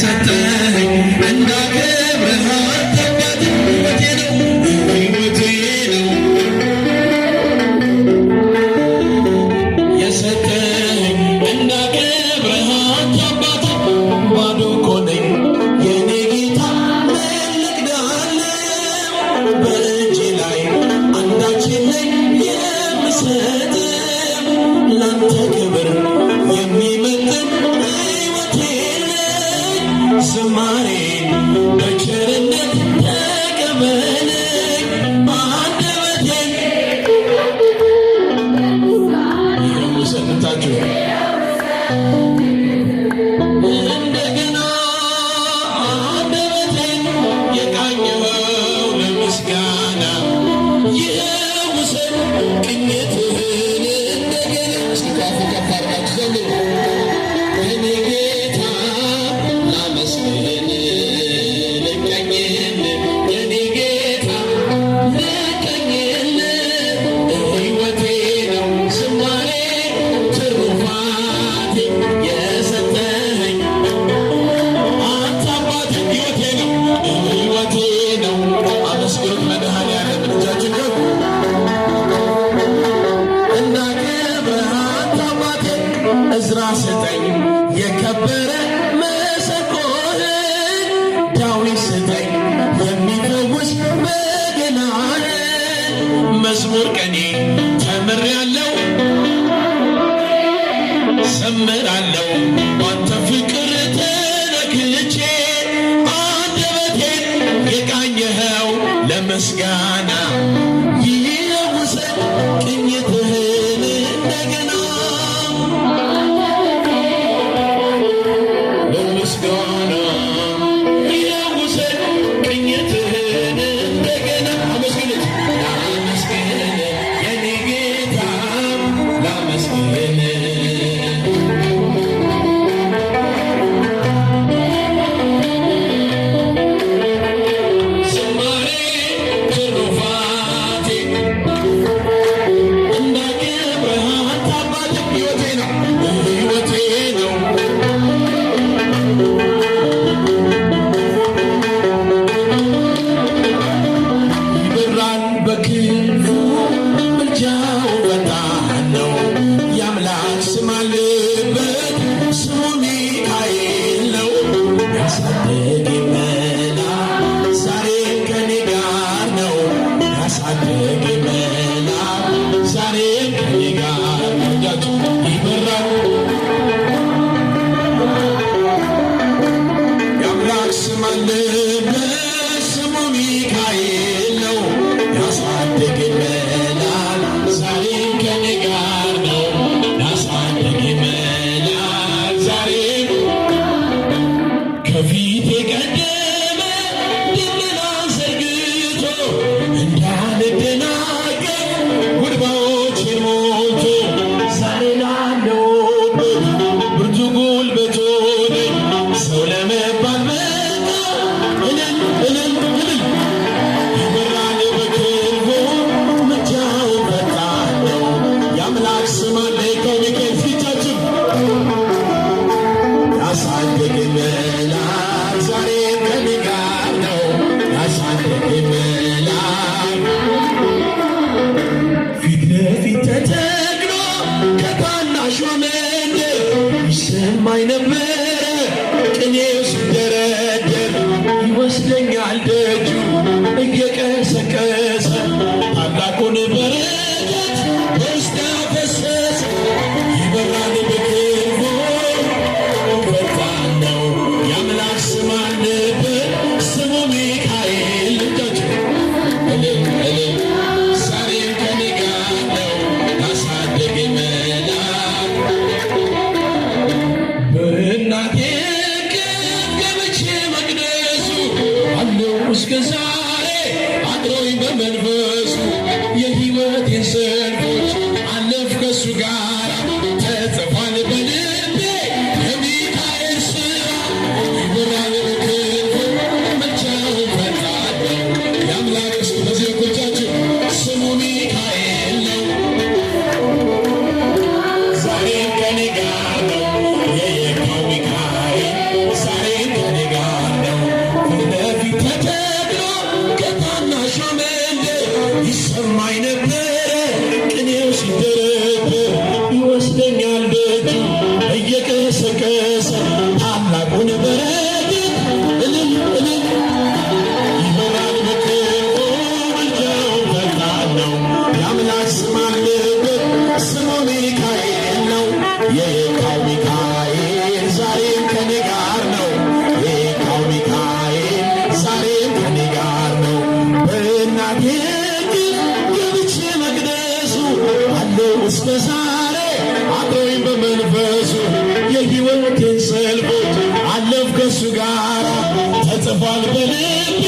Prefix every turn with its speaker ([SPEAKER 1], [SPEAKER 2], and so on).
[SPEAKER 1] ሰጠኝ እንዳከብርህ አስራ ዘጠኝ የከበረ መሰኮህን ዳዊት ስጠኝ የሚፈውስ በገናህን መዝሙር ቀኔ ተምሬያለሁ ዘምራለሁ ባንተ ፍቅር ተነክቼ አንደበቴን የቃኘኸው ለመስጋና Amen. አይነብር Testify የየካው ሚካኤል ዛሬም ጋር ነው። የየካው ሚካኤል ዛሬም ነው። በእናቴ ገብቼ መቅደሱ አለው እስከ ዛሬ በመንፈሱ የሕይወቴን ሰልቦች አለፍ ከሱ ጋር ተጽፏል በልብ